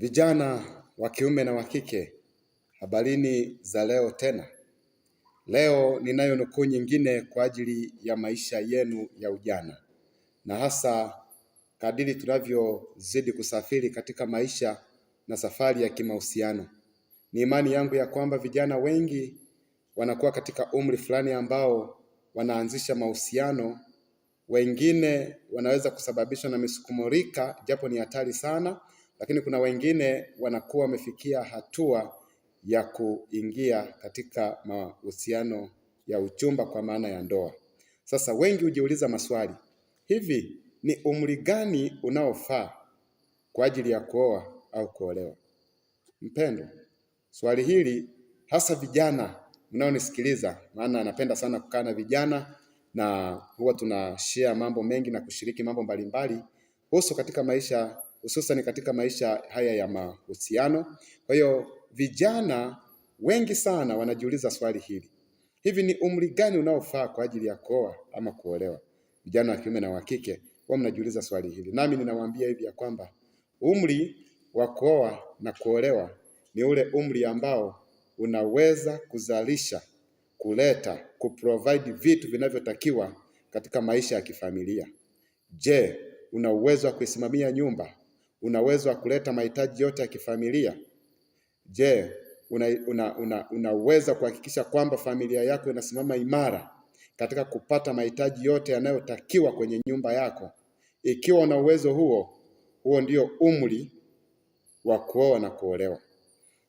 Vijana wa kiume na wa kike, habarini za leo tena. Leo ninayo nukuu nyingine kwa ajili ya maisha yenu ya ujana, na hasa kadiri tunavyozidi kusafiri katika maisha na safari ya kimahusiano. Ni imani yangu ya kwamba vijana wengi wanakuwa katika umri fulani ambao wanaanzisha mahusiano, wengine wanaweza kusababishwa na rika, japo ni hatari sana lakini kuna wengine wanakuwa wamefikia hatua ya kuingia katika mahusiano ya uchumba kwa maana ya ndoa. Sasa wengi hujiuliza maswali, hivi ni umri gani unaofaa kwa ajili ya kuoa au kuolewa? Mpendo, swali hili hasa vijana mnaonisikiliza, maana napenda sana kukaa na vijana na huwa tunashare mambo mengi na kushiriki mambo mbalimbali husu katika maisha hususan katika maisha haya ya mahusiano. Kwa hiyo vijana wengi sana wanajiuliza swali hili, hivi ni umri gani unaofaa kwa ajili ya kuoa ama kuolewa? Vijana wa kiume na wa kike wao mnajiuliza swali hili, nami ninawaambia hivi ya kwamba umri wa kuoa na kuolewa ni ule umri ambao unaweza kuzalisha, kuleta, kuprovide vitu vinavyotakiwa katika maisha ya kifamilia. Je, una uwezo wa kuisimamia nyumba? una uwezo wa kuleta mahitaji yote ya kifamilia? Je, unaweza una, una, una kuhakikisha kwamba familia yako inasimama imara katika kupata mahitaji yote yanayotakiwa kwenye nyumba yako? Ikiwa una uwezo huo, huo ndio umri wa kuoa na kuolewa.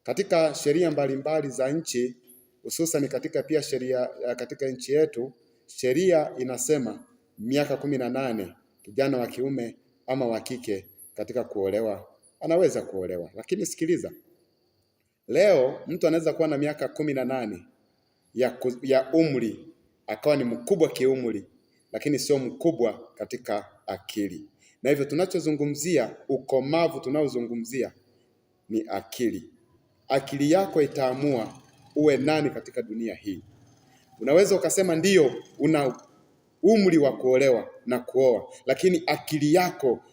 Katika sheria mbalimbali za nchi hususan katika pia sheria katika nchi yetu, sheria inasema miaka kumi na nane kijana wa kiume ama wa kike katika kuolewa, anaweza kuolewa. Lakini sikiliza, leo mtu anaweza kuwa na miaka kumi na nane ya, ya umri akawa ni mkubwa kiumri, lakini sio mkubwa katika akili. Na hivyo tunachozungumzia ukomavu, tunaozungumzia ni akili. Akili yako itaamua uwe nani katika dunia hii. Unaweza ukasema ndiyo, una umri wa kuolewa na kuoa, lakini akili yako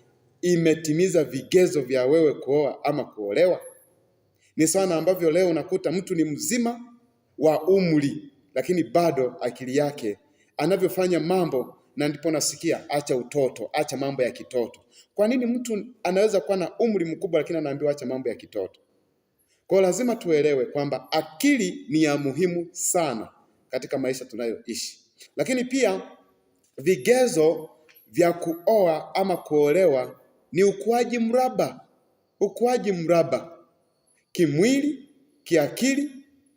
imetimiza vigezo vya wewe kuoa ama kuolewa. Ni sana ambavyo leo unakuta mtu ni mzima wa umri, lakini bado akili yake anavyofanya mambo, na ndipo nasikia acha utoto, acha mambo ya kitoto. Kwa nini mtu anaweza kuwa na umri mkubwa, lakini anaambiwa acha mambo ya kitoto? Kwa lazima tuelewe kwamba akili ni ya muhimu sana katika maisha tunayoishi, lakini pia vigezo vya kuoa ama kuolewa ni ukuaji mraba, ukuaji mraba kimwili, kiakili,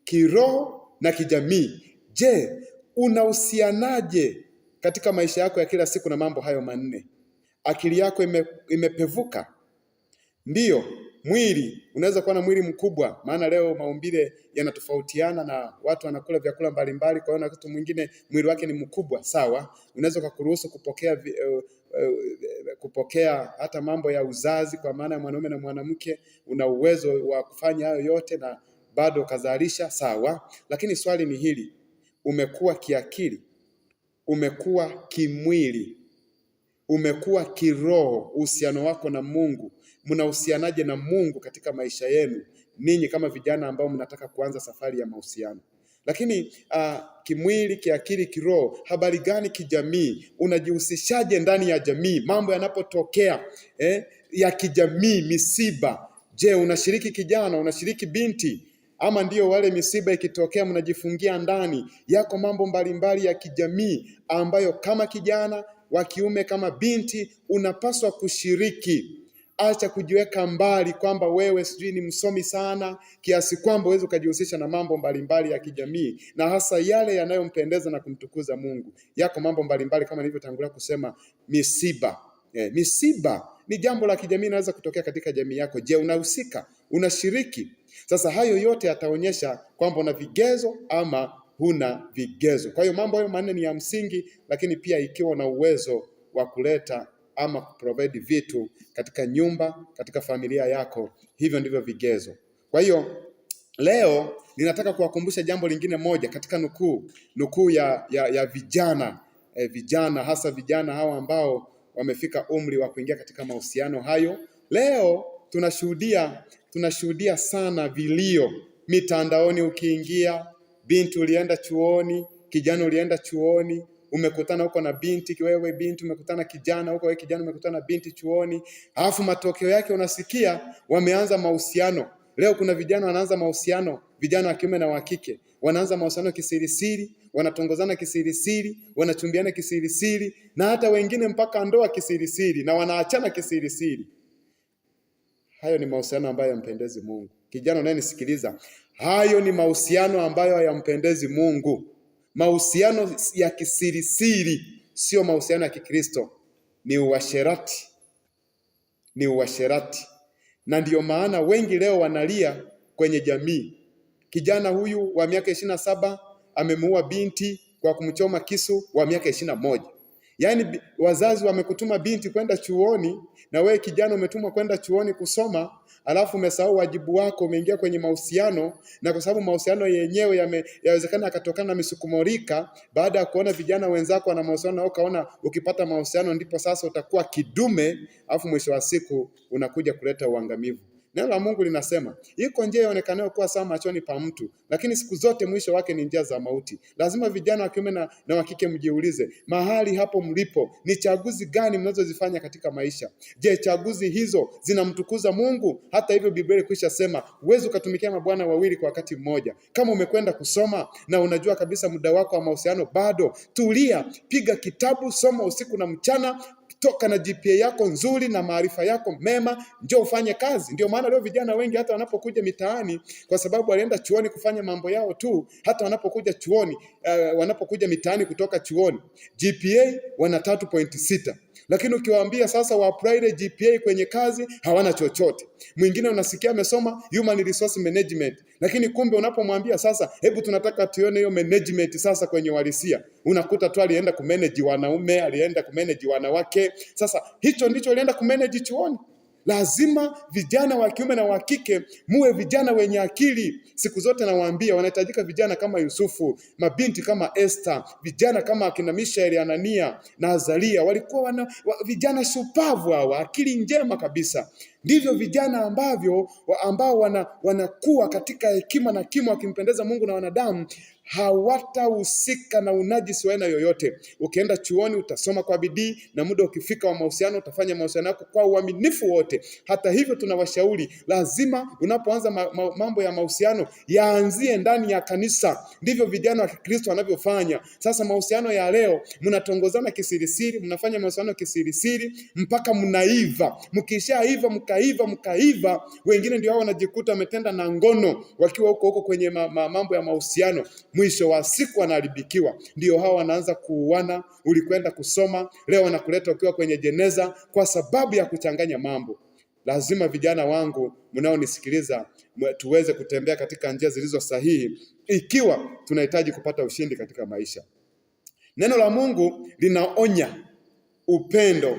kiroho na kijamii. Je, unahusianaje katika maisha yako ya kila siku na mambo hayo manne? Akili yako ime, imepevuka? Ndiyo. Mwili, unaweza kuwa na mwili mkubwa, maana leo maumbile yanatofautiana na watu wanakula vyakula mbalimbali. Kwa hiyo na mtu mwingine mwili wake ni mkubwa, sawa, unaweza ukakuruhusu kupokea uh, Eh, kupokea hata mambo ya uzazi kwa maana ya mwanaume na mwanamke, una uwezo wa kufanya hayo yote na bado ukazalisha, sawa. Lakini swali ni hili, umekuwa kiakili, umekuwa kimwili, umekuwa kiroho? Uhusiano wako na Mungu, mnahusianaje na Mungu katika maisha yenu ninyi kama vijana ambao mnataka kuanza safari ya mahusiano? Lakini uh, kimwili, kiakili, kiroho, habari gani kijamii? Unajihusishaje ndani ya jamii? Mambo yanapotokea eh, ya kijamii, misiba, je, unashiriki kijana? Unashiriki binti? Ama ndiyo wale misiba ikitokea mnajifungia ndani? Yako mambo mbalimbali ya kijamii ambayo kama kijana wa kiume, kama binti, unapaswa kushiriki Acha kujiweka mbali kwamba wewe sijui ni msomi sana kiasi kwamba uweze ukajihusisha na mambo mbalimbali ya kijamii na hasa yale yanayompendeza na kumtukuza Mungu. Yako mambo mbalimbali kama nilivyotangulia kusema, misiba eh, misiba ni jambo la kijamii, inaweza kutokea katika jamii yako. Je, unahusika? Unashiriki? Sasa hayo yote yataonyesha kwamba una vigezo ama huna vigezo. Kwa hiyo mambo hayo manne ni ya msingi, lakini pia ikiwa na uwezo wa kuleta ama kuprovide vitu katika nyumba, katika familia yako. Hivyo ndivyo vigezo. Kwa hiyo leo ninataka kuwakumbusha jambo lingine moja katika nukuu nukuu ya, ya, ya vijana e, vijana hasa vijana hawa ambao wamefika umri wa kuingia katika mahusiano hayo. Leo tunashuhudia tunashuhudia sana vilio mitandaoni. Ukiingia, binti ulienda chuoni, kijana ulienda chuoni, umekutana huko na binti, wewe binti umekutana kijana huko, wewe kijana umekutana binti chuoni, alafu matokeo yake unasikia wameanza mahusiano. Leo kuna vijana wanaanza mahusiano, vijana wa kiume na wa kike wanaanza mahusiano kisirisiri, wanatongozana kisirisiri, wanachumbiana kisirisiri, na hata wengine mpaka ndoa kisirisiri, na wanaachana kisirisiri. Hayo ni mahusiano ambayo yampendezi Mungu. Kijana unayenisikiliza, hayo ni mahusiano ambayo hayampendezi Mungu mahusiano ya kisirisiri, sio mahusiano ya Kikristo, ni uasherati, ni uasherati. Na ndiyo maana wengi leo wanalia kwenye jamii, kijana huyu wa miaka ishirini na saba amemuua binti kwa kumchoma kisu wa miaka ishirini na moja. Yaani wazazi wamekutuma binti kwenda chuoni na wewe kijana umetumwa kwenda chuoni kusoma, alafu umesahau wajibu wako, umeingia kwenye mahusiano, na kwa sababu mahusiano yenyewe yawezekana yakatokana na misukumorika baada ya kuona vijana wenzako wana mahusiano, na ukaona ukipata mahusiano ndipo sasa utakuwa kidume, alafu mwisho wa siku unakuja kuleta uangamivu. Neno la Mungu linasema iko njia ionekanayo kuwa sawa machoni pa mtu, lakini siku zote mwisho wake ni njia za mauti. Lazima vijana wa kiume na, na wa kike mjiulize mahali hapo mlipo, ni chaguzi gani mnazozifanya katika maisha? Je, chaguzi hizo zinamtukuza Mungu? Hata hivyo Biblia ilikwisha sema huwezi ukatumikia mabwana wawili kwa wakati mmoja. Kama umekwenda kusoma na unajua kabisa muda wako wa mahusiano bado, tulia, piga kitabu, soma usiku na mchana toka na GPA yako nzuri na maarifa yako mema, ndio ufanye kazi. Ndio maana leo vijana wengi hata wanapokuja mitaani, kwa sababu walienda chuoni kufanya mambo yao tu, hata wanapokuja chuoni uh, wanapokuja mitaani kutoka chuoni GPA wana 3.6 lakini ukiwaambia sasa waapply GPA kwenye kazi hawana chochote. Mwingine unasikia amesoma human resource management, lakini kumbe unapomwambia sasa, hebu tunataka tuone hiyo management sasa kwenye walisia, unakuta tu alienda kumanage wanaume, alienda kumanage wanawake. Sasa hicho ndicho alienda kumanage chuoni. Lazima vijana wa kiume na wa kike muwe vijana wenye akili. Siku zote nawaambia wanahitajika vijana kama Yusufu, mabinti kama Esther, vijana kama akina Mishaeli, Anania na Azalia. Walikuwa wana, wa, vijana shupavu hawa, akili njema kabisa. Ndivyo vijana ambavyo ambao wana, wanakuwa katika hekima na kimo, wakimpendeza Mungu na wanadamu hawatahusika na unajisi wa aina yoyote. Ukienda chuoni utasoma kwa bidii, na muda ukifika wa mahusiano utafanya mahusiano yako kwa uaminifu wote. Hata hivyo, tunawashauri lazima, unapoanza ma ma mambo ya mahusiano yaanzie ndani ya kanisa. Ndivyo vijana wa Kikristo wanavyofanya sasa. Mahusiano ya leo, mnatongozana kisirisiri, mnafanya mahusiano kisirisiri mpaka mnaiva. Mkishaiva, mkaiva, mkaiva, wengine ndio hao wanajikuta wametenda na ngono wakiwa huko huko kwenye ma ma mambo ya mahusiano mwisho wa siku wanaharibikiwa. Ndio hao wanaanza kuuana. Ulikwenda kusoma leo, wanakuleta ukiwa kwenye jeneza kwa sababu ya kuchanganya mambo. Lazima vijana wangu mnaonisikiliza, tuweze kutembea katika njia zilizo sahihi, ikiwa tunahitaji kupata ushindi katika maisha. Neno la Mungu linaonya upendo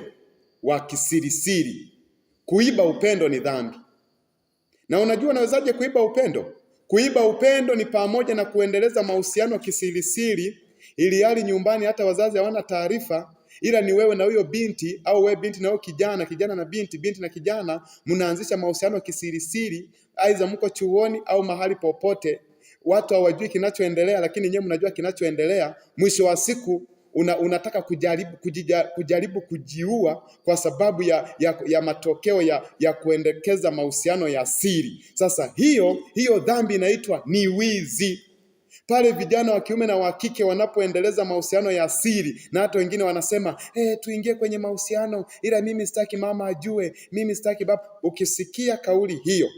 wa kisirisiri. Kuiba upendo ni dhambi, na unajua unawezaje kuiba upendo? Kuiba upendo ni pamoja na kuendeleza mahusiano kisirisiri, ili hali nyumbani hata wazazi hawana taarifa, ila ni wewe na huyo binti au wewe binti na huyo kijana, kijana na binti, binti na kijana, mnaanzisha mahusiano kisirisiri, aidha mko chuoni au mahali popote. Watu hawajui kinachoendelea, lakini nyewe mnajua kinachoendelea. Mwisho wa siku una, unataka kujaribu, kujija, kujaribu kujiua kwa sababu ya, ya, ya matokeo ya, ya kuendekeza mahusiano ya siri. Sasa hiyo hiyo dhambi inaitwa ni wizi. Pale vijana wa kiume na wa kike wanapoendeleza mahusiano ya siri, na hata wengine wanasema eh, tuingie kwenye mahusiano, ila mimi sitaki mama ajue, mimi sitaki baba. Ukisikia kauli hiyo,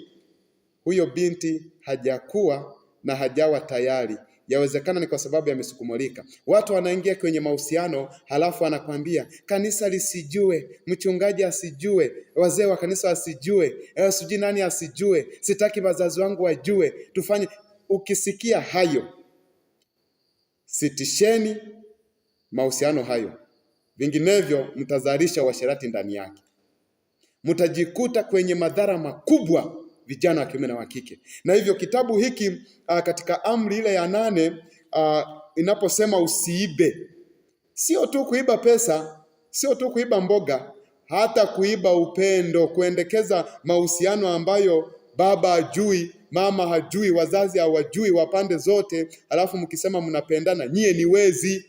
huyo binti hajakuwa na hajawa tayari Yawezekana ni kwa sababu yamesukumulika. Watu wanaingia kwenye mahusiano, halafu anakwambia kanisa lisijue, mchungaji asijue, wazee wa kanisa asijue, eh, sijui nani asijue, sitaki wazazi wangu wajue, tufanye. Ukisikia hayo, sitisheni mahusiano hayo, vinginevyo mtazalisha uasherati ndani yake, mtajikuta kwenye madhara makubwa vijana wa kiume na wa kike. Na hivyo kitabu hiki uh, katika amri ile ya nane uh, inaposema usiibe, sio tu kuiba pesa, sio tu kuiba mboga, hata kuiba upendo, kuendekeza mahusiano ambayo baba hajui, mama hajui, wazazi hawajui, wa pande zote, alafu mkisema mnapendana, nyie ni wezi.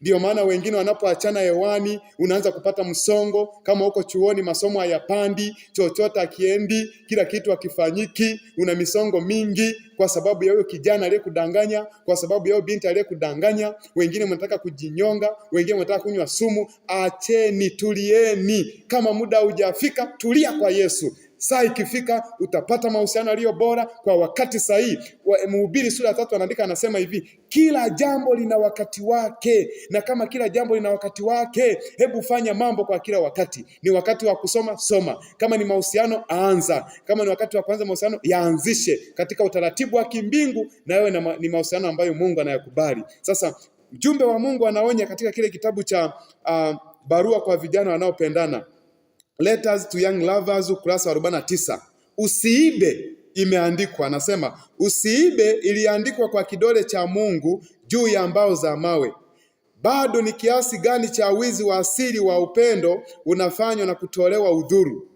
Ndiyo maana wengine wanapoachana hewani, unaanza kupata msongo. Kama huko chuoni masomo hayapandi, chochote akiendi, kila kitu akifanyiki, una misongo mingi kwa sababu ya huyo kijana aliyekudanganya, kwa sababu ya huyo binti aliyekudanganya. Wengine mnataka kujinyonga, wengine mnataka kunywa sumu. Acheni, tulieni. Kama muda hujafika, tulia kwa Yesu. Saa ikifika utapata mahusiano yaliyo bora kwa wakati sahihi. Mhubiri sura ya tatu anaandika anasema hivi, kila jambo lina wakati wake, na kama kila jambo lina wakati wake, hebu fanya mambo kwa kila wakati. Ni wakati wa kusoma, soma. Kama ni mahusiano, aanza Kama ni wakati wa kuanza mahusiano, yaanzishe katika utaratibu wa kimbingu, na yawe ma, ni mahusiano ambayo Mungu anayakubali. Sasa mjumbe wa Mungu anaonya katika kile kitabu cha uh, barua kwa vijana wanaopendana Letters to Young Lovers ukurasa wa tisa. Usiibe imeandikwa, anasema usiibe iliandikwa kwa kidole cha Mungu juu ya mbao za mawe. Bado ni kiasi gani cha wizi wa asili wa upendo unafanywa na kutolewa udhuru?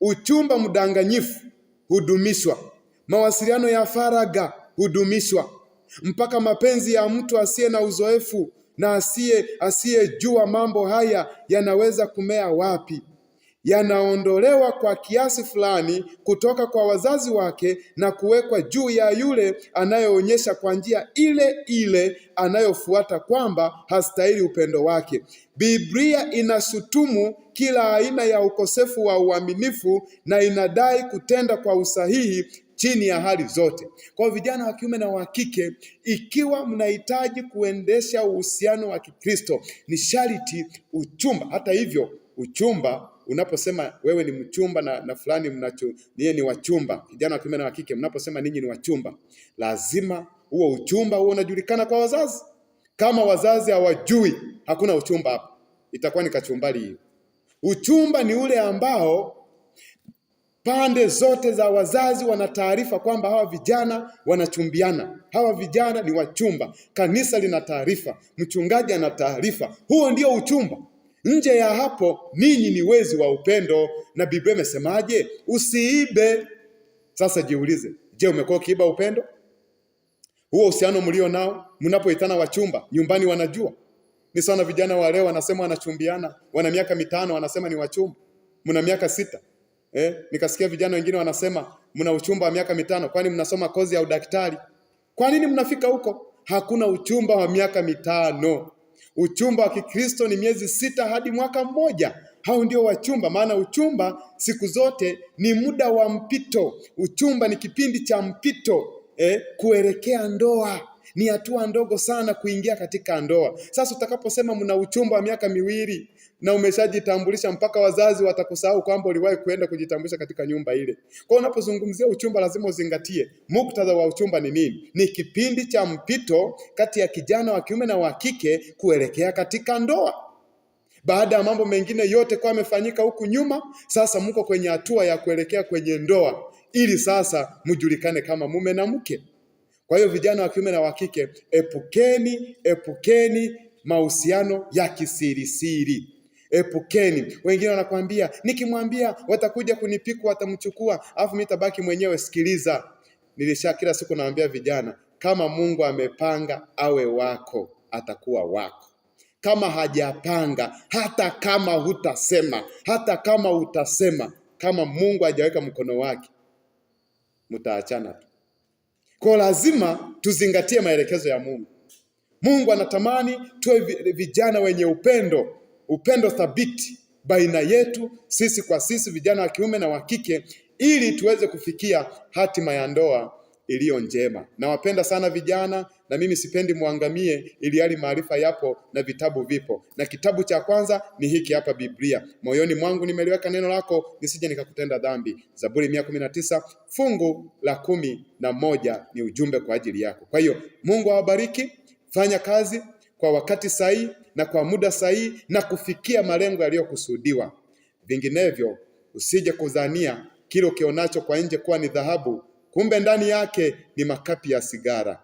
Uchumba mdanganyifu hudumishwa, mawasiliano ya faraga hudumishwa, mpaka mapenzi ya mtu asiye na uzoefu na asiye asiyejua mambo haya yanaweza kumea wapi? yanaondolewa kwa kiasi fulani kutoka kwa wazazi wake na kuwekwa juu ya yule anayeonyesha kwa njia ile ile anayofuata kwamba hastahili upendo wake. Biblia inashutumu kila aina ya ukosefu wa uaminifu na inadai kutenda kwa usahihi chini ya hali zote. Kwa vijana wa kiume na wa kike, ikiwa mnahitaji kuendesha uhusiano wa Kikristo, ni sharti uchumba. Hata hivyo, uchumba unaposema wewe ni mchumba na, na fulani mnacho ninyi ni wachumba, kijana wa kiume na wa kike, mnaposema ninyi ni wachumba, lazima huo uchumba huo unajulikana kwa wazazi. Kama wazazi hawajui, hakuna uchumba hapo, itakuwa ni kachumbali hiyo. Uchumba ni ule ambao pande zote za wazazi wana taarifa kwamba hawa vijana wanachumbiana, hawa vijana ni wachumba. Kanisa lina taarifa, mchungaji ana taarifa. Huo ndio uchumba. Nje ya hapo ninyi ni wezi wa upendo, na Biblia imesemaje? Usiibe. Sasa jiulize, je, umekuwa ukiiba upendo huo? Uhusiano mlio nao mnapoitana wachumba nyumbani, wanajua ni sana. Vijana wa leo wanasema wanachumbiana, wana miaka mitano, wanasema ni wachumba, mna miaka sita. Eh, nikasikia vijana wengine wanasema mna uchumba wa miaka mitano, kwani mnasoma kozi ya udaktari? Kwa nini mnafika huko? Hakuna uchumba wa miaka mitano. Uchumba wa Kikristo ni miezi sita hadi mwaka mmoja. Hao ndio wachumba, maana uchumba siku zote ni muda wa mpito. Uchumba ni kipindi cha mpito eh, kuelekea ndoa ni hatua ndogo sana kuingia katika ndoa. Sasa utakaposema mna uchumba wa miaka miwili, na umeshajitambulisha mpaka wazazi watakusahau kwamba uliwahi kuenda kujitambulisha katika nyumba ile. Kwa hiyo unapozungumzia uchumba, lazima uzingatie muktadha wa uchumba ni nini. Ni kipindi cha mpito kati ya kijana wa kiume na wa kike kuelekea katika ndoa. Baada ya mambo mengine yote kwa amefanyika huku nyuma, sasa mko kwenye hatua ya kuelekea kwenye ndoa, ili sasa mjulikane kama mume na mke. Kwa hiyo vijana wa kiume na wa kike, epukeni, epukeni mahusiano ya kisirisiri. Epukeni. Wengine wanakwambia nikimwambia watakuja kunipika, watamchukua, alafu mimi tabaki mwenyewe. Sikiliza, nilisha kila siku naambia vijana, kama Mungu amepanga awe wako, atakuwa wako. Kama hajapanga, hata kama hutasema, hata kama utasema, kama Mungu hajaweka mkono wake, mtaachana tu. Kwa lazima tuzingatie maelekezo ya Mungu. Mungu anatamani tuwe vijana wenye upendo upendo thabiti baina yetu sisi kwa sisi, vijana wa kiume na wa kike, ili tuweze kufikia hatima ya ndoa iliyo njema. Nawapenda sana vijana, na mimi sipendi mwangamie, ili hali maarifa yapo na vitabu vipo, na kitabu cha kwanza ni hiki hapa, Biblia. Moyoni mwangu nimeliweka neno lako, nisije nikakutenda dhambi. Zaburi mia kumi na tisa fungu la kumi na moja ni ujumbe kwa ajili yako. Kwa hiyo Mungu awabariki, fanya kazi kwa wakati sahihi na kwa muda sahihi na kufikia malengo yaliyokusudiwa. Vinginevyo usije kudhania kile ukionacho kwa nje kuwa ni dhahabu, kumbe ndani yake ni makapi ya sigara.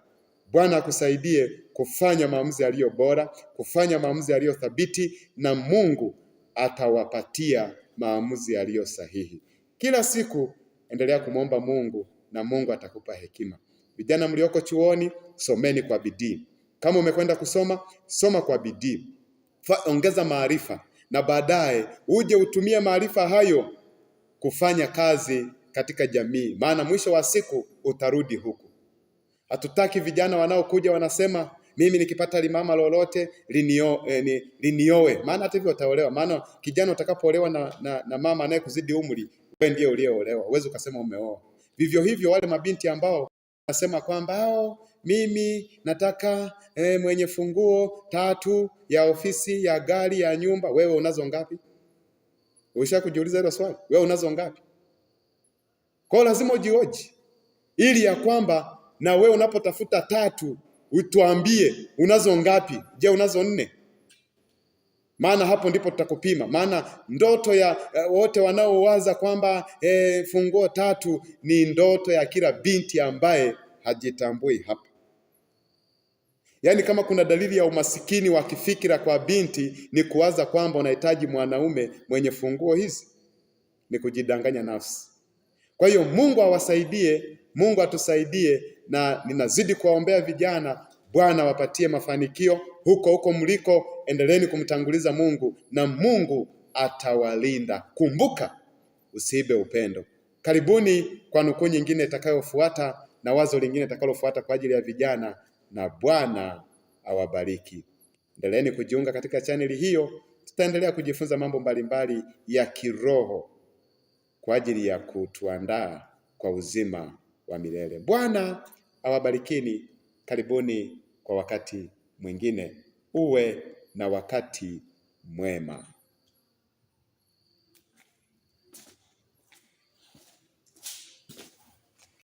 Bwana akusaidie kufanya maamuzi yaliyo bora, kufanya maamuzi yaliyo thabiti, na Mungu atawapatia maamuzi yaliyo sahihi. Kila siku endelea kumwomba Mungu na Mungu atakupa hekima. Vijana mlioko chuoni, someni kwa bidii. Kama umekwenda kusoma, soma kwa bidii, ongeza maarifa, na baadaye uje utumie maarifa hayo kufanya kazi katika jamii, maana mwisho wa siku utarudi huku. Hatutaki vijana wanaokuja wanasema mimi nikipata limama lolote linio, eh, linioe. Maana hata hivyo utaolewa, maana kijana utakapoolewa na, na, na mama anayekuzidi umri, wewe ndiye uliyeolewa, uwezi ukasema umeoa. Vivyo hivyo wale mabinti ambao nasema kwamba oh, mimi nataka eh, mwenye funguo tatu ya ofisi ya gari ya nyumba. Wewe unazo ngapi? uisha kujiuliza hilo swali? Wewe unazo ngapi? Kwa lazima ujioji, ili ya kwamba na wewe unapotafuta tatu utuambie unazo ngapi. Je, unazo nne? Maana hapo ndipo tutakupima. Maana ndoto ya eh, wote wanaowaza kwamba e, funguo tatu ni ndoto ya kila binti ambaye hajitambui hapa. Yaani, kama kuna dalili ya umasikini wa kifikira kwa binti ni kuwaza kwamba unahitaji mwanaume mwenye funguo hizi, ni kujidanganya nafsi. Kwa hiyo Mungu awasaidie, Mungu atusaidie, na ninazidi kuwaombea vijana, Bwana wapatie mafanikio huko huko mliko. Endeleeni kumtanguliza Mungu na Mungu atawalinda. Kumbuka, usiibe upendo. Karibuni kwa nukuu nyingine itakayofuata na wazo lingine itakalofuata kwa ajili ya vijana na Bwana awabariki. Endeleeni kujiunga katika chaneli hiyo, tutaendelea kujifunza mambo mbalimbali mbali ya kiroho kwa ajili ya kutuandaa kwa uzima wa milele. Bwana awabarikini. Karibuni kwa wakati mwingine. Uwe na wakati mwema.